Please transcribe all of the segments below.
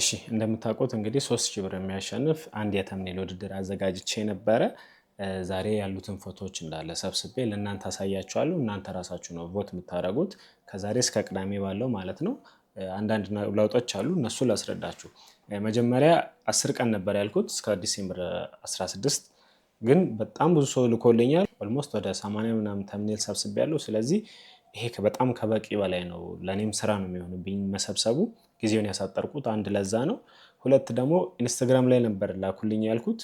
እሺ እንደምታውቁት እንግዲህ ሶስት ሺህ ብር የሚያሸንፍ አንድ የተምኔል ውድድር አዘጋጅቼ ነበረ። ዛሬ ያሉትን ፎቶዎች እንዳለ ሰብስቤ ለእናንተ አሳያችኋለሁ። እናንተ ራሳችሁ ነው ቮት የምታደርጉት ከዛሬ እስከ ቅዳሜ ባለው ማለት ነው። አንዳንድ ለውጦች አሉ፣ እነሱ ላስረዳችሁ። መጀመሪያ አስር ቀን ነበር ያልኩት እስከ ዲሴምበር 16 ግን በጣም ብዙ ሰው ልኮልኛል። ኦልሞስት ወደ 80 ምናምን ተምኔል ሰብስቤ ያለው ስለዚህ ይሄ በጣም ከበቂ በላይ ነው። ለእኔም ስራ ነው የሚሆንብኝ መሰብሰቡ ጊዜውን ያሳጠርኩት አንድ ለዛ ነው። ሁለት ደግሞ ኢንስታግራም ላይ ነበር ላኩልኝ ያልኩት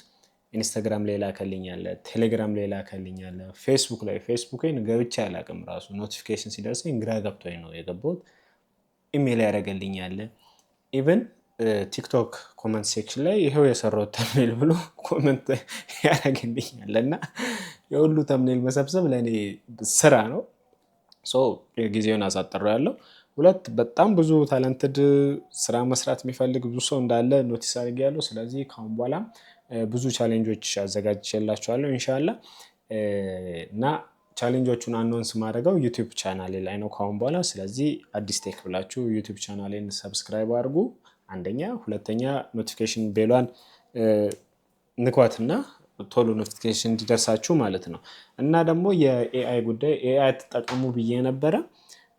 ኢንስታግራም ላይ ላከልኛለ፣ ቴሌግራም ላይ ላከልኛለ፣ ፌስቡክ ላይ ፌስቡኬን ገብቼ አላቅም። ራሱ ኖቲፊኬሽን ሲደርሰኝ ግራ ገብቶኝ ነው የገባሁት። ኢሜል ያደረገልኛለ ኢቨን ቲክቶክ ኮመንት ሴክሽን ላይ ይኸው የሰራሁት ተምኔል ብሎ ኮመንት ያደረግልኛል እና የሁሉ ተምኔል መሰብሰብ ለእኔ ስራ ነው። ጊዜውን አሳጠሩ ያለው ሁለት በጣም ብዙ ታለንትድ ስራ መስራት የሚፈልግ ብዙ ሰው እንዳለ ኖቲስ ያለው። ስለዚህ ከአሁን በኋላ ብዙ ቻሌንጆች አዘጋጅላቸዋለሁ እንሻላ እና ቻሌንጆቹን አኖንስ ማድረገው ዩቲዩብ ቻናሌ ላይ ነው ከአሁን በኋላ። ስለዚህ አዲስ ቴክ ብላችሁ ዩቲዩብ ቻናሌን ሰብስክራይብ አድርጉ። አንደኛ፣ ሁለተኛ ኖቲፊኬሽን ቤሏን ንኳትና ቶሎ ኖቲፊኬሽን እንዲደርሳችሁ ማለት ነው። እና ደግሞ የኤአይ ጉዳይ ኤአይ ተጠቀሙ ብዬ ነበረ።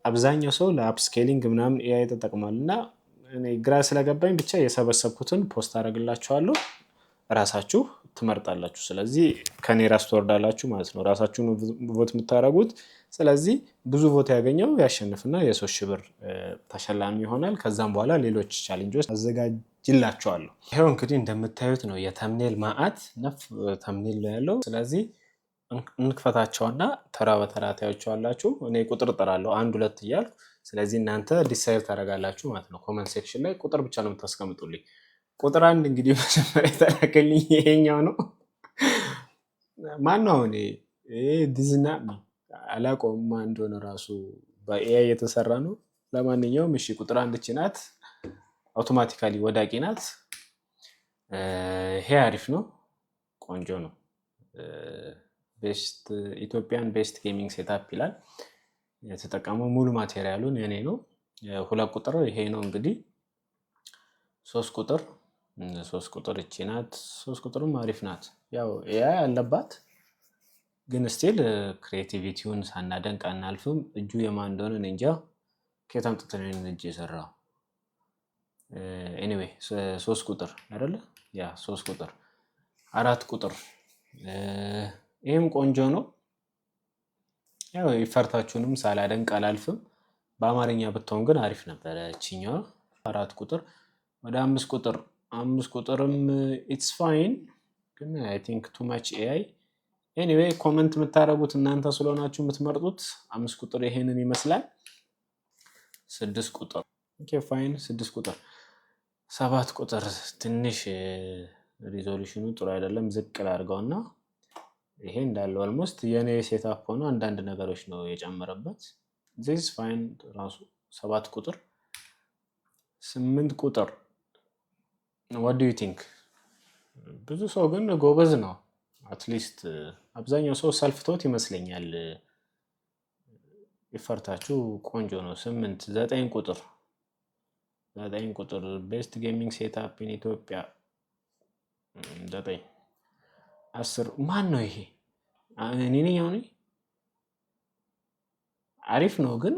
አብዛኛው ሰው ለአፕስኬሊንግ ምናምን ኤአይ ተጠቅሟል እና ግራ ስለገባኝ ብቻ የሰበሰብኩትን ፖስት አደርግላችኋለሁ። ራሳችሁ ትመርጣላችሁ። ስለዚህ ከኔ ራስ ትወርዳላችሁ ማለት ነው። ራሳችሁን ቮት የምታደረጉት። ስለዚህ ብዙ ቮት ያገኘው ያሸንፍና የሶስት ሺህ ብር ተሸላሚ ይሆናል። ከዛም በኋላ ሌሎች ቻሌንጆች አዘጋጅ ይላቸዋለሁ። ይኸው እንግዲህ እንደምታዩት ነው የተምኔል ማአት ነፍ ተምኔል ነው ያለው። ስለዚህ እንክፈታቸውና ተራ በተራ ታያቸዋላችሁ። እኔ ቁጥር ጥራለሁ አንድ ሁለት እያልኩ። ስለዚህ እናንተ ዲሳይድ ታደርጋላችሁ ማለት ነው። ኮመንት ሴክሽን ላይ ቁጥር ብቻ ነው የምታስቀምጡልኝ። ቁጥር አንድ እንግዲህ መጀመሪያ የተላከልኝ ይሄኛው ነው። ማን ነው አሁን ዲዝና አላቆማ እንደሆነ ራሱ በኤአይ የተሰራ ነው። ለማንኛውም እሺ ቁጥር አንድ ችናት ናት። አውቶማቲካሊ ወዳቂ ናት። ይሄ አሪፍ ነው፣ ቆንጆ ነው። ቤስት ኢትዮጵያን ቤስት ጌሚንግ ሴታፕ ይላል። የተጠቀመው ሙሉ ማቴሪያሉን የኔ ነው። ሁለት ቁጥር ይሄ ነው እንግዲህ። ሶስት ቁጥር ሶስት ቁጥር እቺ ናት። ሶስት ቁጥርም አሪፍ ናት። ያው ኤአይ አለባት ግን ስቲል ክሬቲቪቲውን ሳናደንቅ አናልፍም። እጁ የማ እንደሆነ እንጃ። ከየት እጅ የሰራው ኤኒዌይ ሶስት ቁጥር አይደለ? ያ ሶስት ቁጥር አራት ቁጥር ይህም ቆንጆ ነው። ያው ይፈርታችሁንም ሳላደንቅ አላልፍም። በአማርኛ ብትሆን ግን አሪፍ ነበረ። ችኛ አራት ቁጥር ወደ አምስት ቁጥር አምስት ቁጥርም ኢትስ ፋይን ግን አይ ቲንክ ቱ ማች ኤአይ ኤኒዌይ ኮመንት የምታደርጉት እናንተ ስለሆናችሁ የምትመርጡት አምስት ቁጥር ይሄንን ይመስላል። ስድስት ቁጥር ፋይን ስድስት ቁጥር ሰባት ቁጥር ትንሽ ሪዞሉሽኑ ጥሩ አይደለም፣ ዝቅ ላድርገው እና ይሄ እንዳለው ኦልሞስት የእኔ ሴታፕ ሆኖ አንዳንድ ነገሮች ነው የጨመረበት። ዚስ ፋይን ራሱ ሰባት ቁጥር ስምንት ቁጥር ዋት ዱ ዩ ቲንክ? ብዙ ሰው ግን ጎበዝ ነው። አትሊስት አብዛኛው ሰው ሰልፍቶት ይመስለኛል። ይፈርታችሁ ቆንጆ ነው። ስምንት ዘጠኝ ቁጥር ዘጠኝ ቁጥር ቤስት ጌሚንግ ሴታፕን ኢትዮጵያ ዘጠኝ አስር ማን ነው ይሄ? እኔ አሁን አሪፍ ነው ግን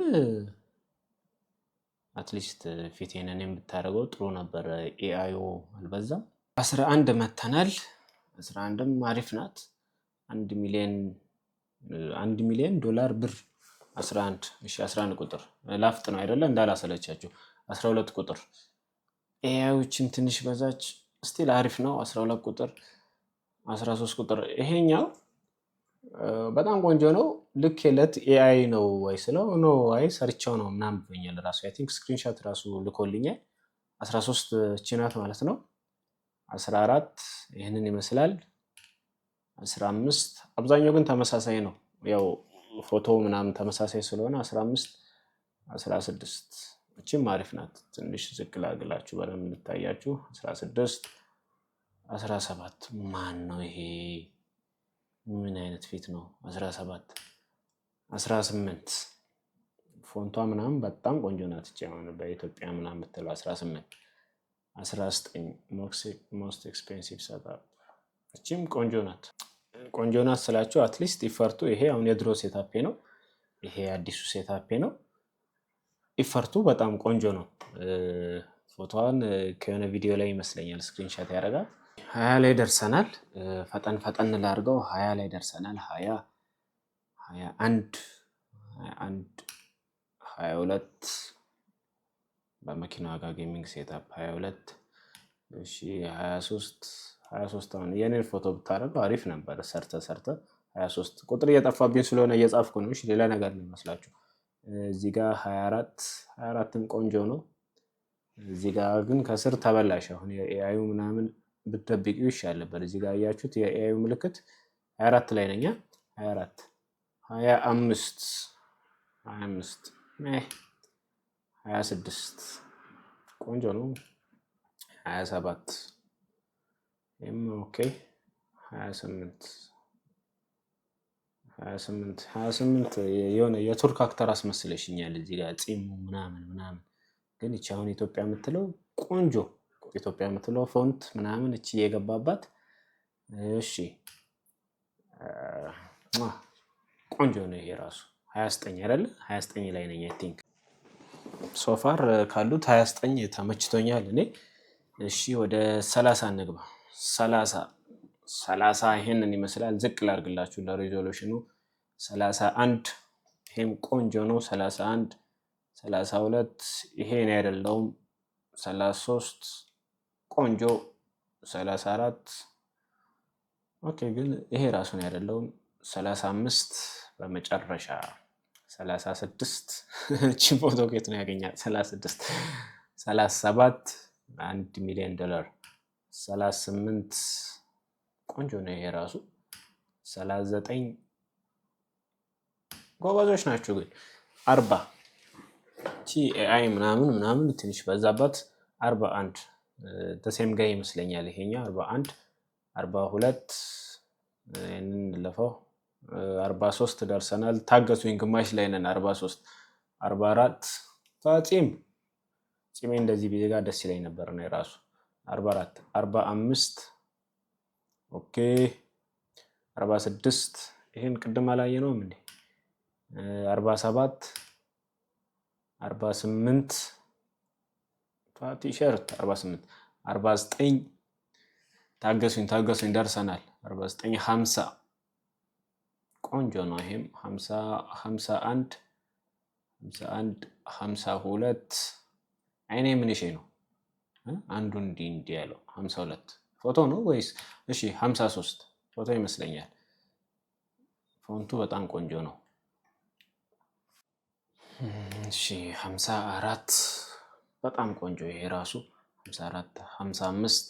አትሊስት ፊቴንን የምታደርገው ጥሩ ነበር። ኤአይ አልበዛም። አስራ አንድ መተናል። አስራ አንድም አሪፍ ናት። አንድ ሚሊዮን አንድ ሚሊዮን ዶላር ብር አስራ አንድ እሺ አስራ አንድ ቁጥር ላፍጥ ነው አይደለ እንዳላሰለቻችሁ 12 ቁጥር ኤአዮችን ትንሽ በዛች ስቲል አሪፍ ነው። 12 ቁጥር 13 ቁጥር ይሄኛው በጣም ቆንጆ ነው። ልክ የለት ኤአይ ነው ወይ ስለው ኖ አይ ሰርቻው ነው ምናም ብኛል ራሱ ቲንክ ስክሪንሻት ራሱ ልኮልኛል። 13 ቺናት ማለት ነው። 14 ይህንን ይመስላል። 15 አብዛኛው ግን ተመሳሳይ ነው። ያው ፎቶ ምናምን ተመሳሳይ ስለሆነ 15 16 እችም አሪፍ ናት። ትንሽ ዝቅላግላችሁ በደንብ እንታያችሁ። 16 17 ማን ነው ይሄ? ምን አይነት ፊት ነው? 17 ፎንቷ ምናምን በጣም ቆንጆ ናት። ች የሆነ በኢትዮጵያ ምናምን የምትለው 18 ቆንጆ ናት። ቆንጆ ናት ስላችሁ አትሊስት ይፈርቱ። ይሄ አሁን የድሮ ሴታፔ ነው። ይሄ አዲሱ ሴታፔ ነው። ኢፈርቱ በጣም ቆንጆ ነው። ፎቶዋን ከሆነ ቪዲዮ ላይ ይመስለኛል ስክሪንሻት ያደርጋል። ሀያ ላይ ደርሰናል። ፈጠን ፈጠን ላድርገው። ሀያ ላይ ደርሰናል። ሀያ ሀያ አንድ ሀያ አንድ ሀያ ሁለት በመኪና ዋጋ ጌሚንግ ሴታፕ ሀያ ሁለት እሺ ሀያ ሶስት ሀያ ሶስት አሁን የኔን ፎቶ ብታደርገው አሪፍ ነበር። ሰርተ ሰርተ ሀያ ሶስት ቁጥር እየጠፋብኝ ስለሆነ እየጻፍኩ ነው። ሌላ ነገር ነው ይመስላችሁ እዚህ ጋር 24 24ም ቆንጆ ነው። እዚህ ጋር ግን ከስር ተበላሽ። አሁን የኤአዩ ምናምን ብትደብቂው ይሻል ነበር። እዚህ ጋር እያችሁት የኤአዩ ምልክት 24 ላይ ነኛ 24 25 25 26 ቆንጆ ነው። 27 ይህም ኦኬ 28 28 28 የሆነ የቱርክ አክተር አስመስለሽኛል እዚህ ጋር ጺሙ ምናምን ምናምን። ግን እቺ አሁን ኢትዮጵያ የምትለው ቆንጆ ኢትዮጵያ የምትለው ፎንት ምናምን እቺ የገባባት እሺ፣ ቆንጆ ነው ይሄ ራሱ 29 አይደለ? 29 ላይ ነኝ አይ ቲንክ ሶፋር ካሉት 29 ተመችቶኛል እኔ። እሺ ወደ 30 እንግባ። 30 ሰላሳ ይሄንን ይመስላል። ዝቅ ላርግላችሁ ለሬዞሉሽኑ አንድ ይሄም ቆንጆ ነው። ሰላሳ ሁለት ይሄን አይደለውም። ሶስት ቆንጆ አራት ኦኬ፣ ግን ይሄ ራሱን አይደለውም። አምስት በመጨረሻ 36 እቺ ፎቶ ኬት ነው ያገኛል። 36 ሰባት አንድ ሚሊዮን ዶላር ስምንት ቆንጆ ነው ይሄ ራሱ ዘጠኝ ጎበዞች ናቸው ግን አርባ ቲአይ ምናምን ምናምን ትንሽ በዛባት። አርባ አንድ ተሴም ጋ ይመስለኛል ይሄኛው አርባ አንድ አርባ ሁለት እንለፈው አርባ ሶስት ደርሰናል። ታገሱኝ፣ ግማሽ ላይ ነን። አርባ ሶስት አርባ አራት ፋጺም ጺሜ እንደዚህ ቢዜ ጋር ደስ ይለኝ ነበር ነው የራሱ አርባ አራት አርባ አምስት ኦኬ አርባ ስድስት ይህን ቅድም አላየ ነውም እንዴ አርባ ሰባት አርባ ስምንት ቲሸርት አርባ ስምንት አርባ ዘጠኝ ታገሱኝ ታገሱኝ ደርሰናል። አርባ ዘጠኝ ሀምሳ ቆንጆ ነው። ይሄም ሀምሳ ሀምሳ አንድ ሀምሳ አንድ ሀምሳ ሁለት አይኔ ምን ሺ ነው አንዱ እንዲህ እንዲህ ያለው ሀምሳ ሁለት ፎቶ ነው ወይስ? እሺ ሀምሳ ሶስት ፎቶ ይመስለኛል። ፎንቱ በጣም ቆንጆ ነው። እሺ ሀምሳ አራት በጣም ቆንጆ ይሄ ራሱ ሀምሳ አራት ሀምሳ አምስት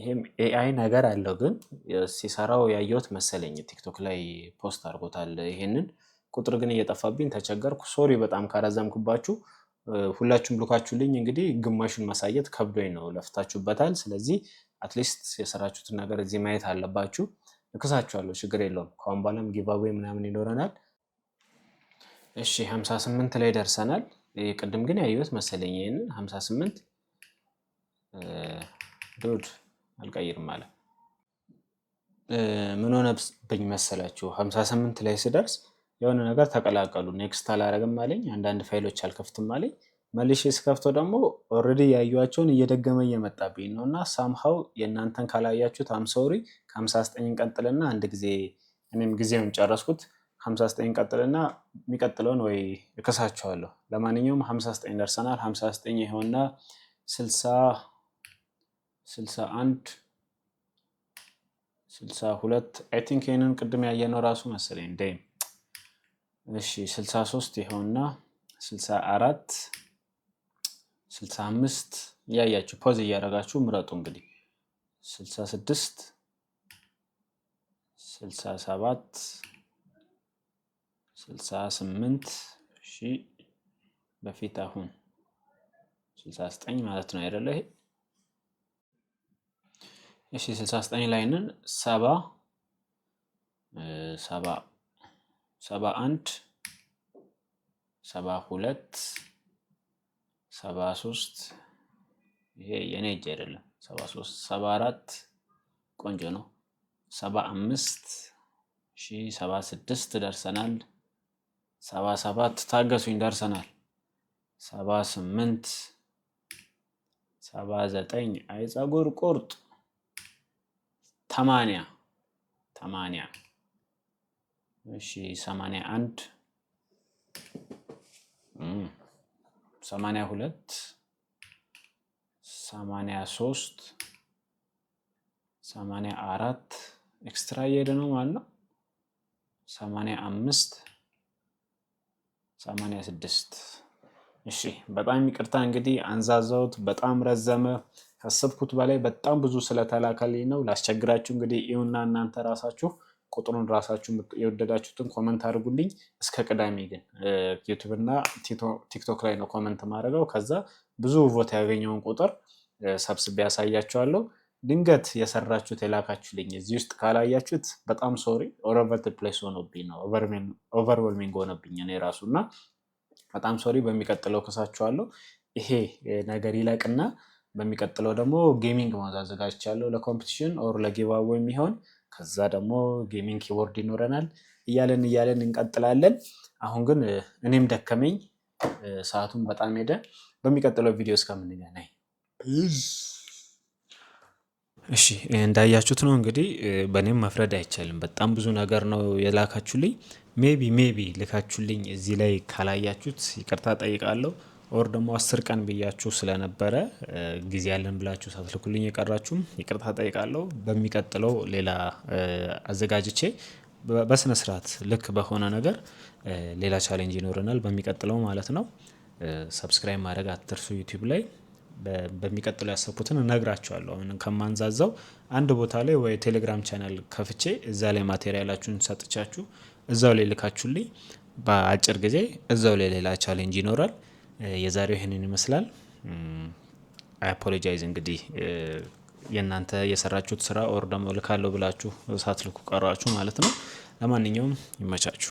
ይሄም ኤአይ ነገር አለው ግን ሲሰራው ያየሁት መሰለኝ ቲክቶክ ላይ ፖስት አድርጎታል። ይሄንን ቁጥር ግን እየጠፋብኝ ተቸገርኩ። ሶሪ በጣም ካረዘምኩባችሁ። ሁላችሁም ልኳችሁልኝ እንግዲህ ግማሹን ማሳየት ከብዶኝ ነው፣ ለፍታችሁበታል። ስለዚህ አትሊስት የሰራችሁትን ነገር እዚህ ማየት አለባችሁ። እክሳችኋለሁ፣ ችግር የለውም። ከአሁን በኋላም ጊቫዌ ምናምን ይኖረናል። እሺ 58 ላይ ደርሰናል። ቅድም ግን ያየሁት መሰለኝ ይህንን 58 ዶድ አልቀይርም ማለት ምን ሆነብኝ መሰላችሁ? 58 ላይ ስደርስ የሆነ ነገር ተቀላቀሉ። ኔክስት አላረግም አለኝ። አንዳንድ ፋይሎች አልከፍትም አለኝ። መልሼ ስከፍተው ደግሞ ኦልሬዲ ያዩቸውን እየደገመ እየመጣብኝ ነው እና ሳምሃው የእናንተን ካላያችሁት አምሶሪ ከ59 ቀጥልና አንድ ጊዜ እኔም ጊዜውን ጨረስኩት ሀምሳ ዘጠኝ ቀጥልና የሚቀጥለውን ወይ እከሳቸዋለሁ። ለማንኛውም ሀምሳ ዘጠኝ ደርሰናል። ሀምሳ ዘጠኝ የሆነ ስልሳ ስልሳ አንድ ስልሳ ሁለት አይ ቲንክ ይህንን ቅድም ያየነው ራሱ መሰለኝ እንዴ። እሺ ስልሳ ሶስት ይኸውና ስልሳ አራት ስልሳ አምስት እያያችሁ ፖዝ እያደረጋችሁ ምረጡ እንግዲህ ስልሳ ስድስት ስልሳ ሰባት ስልሳ ስምንት እሺ፣ በፊት አሁን ስልሳ ዘጠኝ ማለት ነው አይደለ? ይሄ እሺ፣ ስልሳ ዘጠኝ ላይ ነን። ሰባ ሰባ ሰባ አንድ ሰባ ሁለት ሰባ ሶስት ይሄ የኔ እጅ አይደለም። ሰባ ሶስት ሰባ አራት ቆንጆ ነው። ሰባ አምስት እሺ፣ ሰባ ስድስት ደርሰናል። ሰባ ሰባት ታገሱኝ ደርሰናል። ሰባ ስምንት ሰባ ዘጠኝ አይ ፀጉር ቁርጥ ተማኒያ ተማኒያ እሺ ሰማኒያ አንድ ሰማኒያ ሁለት ሰማኒያ ሶስት ሰማኒያ አራት ኤክስትራ እየሄደ ነው ማለት ነው። ሰማኒያ አምስት ሰማንያ ስድስት እሺ በጣም ይቅርታ እንግዲህ አንዛዛውት በጣም ረዘመ። ካሰብኩት በላይ በጣም ብዙ ስለተላከልኝ ነው ላስቸግራችሁ። እንግዲህ ይሁና እናንተ ራሳችሁ ቁጥሩን ራሳችሁ የወደዳችሁትን ኮመንት አድርጉልኝ። እስከ ቅዳሜ ግን ዩቱብ እና ቲክቶክ ላይ ነው ኮመንት ማድረገው። ከዛ ብዙ ቮት ያገኘውን ቁጥር ሰብስቤ ያሳያቸዋለሁ። ድንገት የሰራችሁት የላካችሁልኝ እዚህ ውስጥ ካላያችሁት በጣም ሶሪ። ኦቨር ፕሌስ ሆኖብኝ ነው፣ ኦቨርወልሚንግ ሆነብኝ እኔ ራሱ እና በጣም ሶሪ። በሚቀጥለው ክሳችኋለሁ። ይሄ ነገር ይለቅና በሚቀጥለው ደግሞ ጌሚንግ ማውዝ ለኮምፒቲሽን ኦር ለጊባቦ የሚሆን ከዛ ደግሞ ጌሚንግ ኪቦርድ ይኖረናል እያለን እያለን እንቀጥላለን። አሁን ግን እኔም ደከመኝ፣ ሰዓቱን በጣም ሄደ። በሚቀጥለው ቪዲዮ እስከምንገናኝ እሺ እንዳያችሁት ነው እንግዲህ በእኔም መፍረድ አይቻልም። በጣም ብዙ ነገር ነው የላካችሁልኝ። ሜቢ ሜቢ ልካችሁልኝ እዚህ ላይ ካላያችሁት ይቅርታ ጠይቃለሁ። ኦር ደግሞ አስር ቀን ብያችሁ ስለነበረ ጊዜ ያለን ብላችሁ ሳትልኩልኝ የቀራችሁም ይቅርታ ጠይቃለሁ። በሚቀጥለው ሌላ አዘጋጅቼ በስነ ስርዓት ልክ በሆነ ነገር ሌላ ቻሌንጅ ይኖረናል በሚቀጥለው ማለት ነው። ሰብስክራይብ ማድረግ አትርሱ ዩቲዩብ ላይ በሚቀጥሉ ያሰብኩትን እነግራቸዋለሁ። አሁን ከማንዛዛው አንድ ቦታ ላይ ወይ ቴሌግራም ቻናል ከፍቼ እዛ ላይ ማቴሪያላችሁን ሰጥቻችሁ እዛው ላይ ልካችሁልኝ በአጭር ጊዜ እዛው ላይ ሌላ ቻሌንጅ ይኖራል። የዛሬው ይህንን ይመስላል። አፖሎጃይዝ እንግዲህ የእናንተ የሰራችሁት ስራ ኦር ደግሞ ልካለሁ ብላችሁ ሳትልኩ ቀራችሁ ማለት ነው። ለማንኛውም ይመቻችሁ።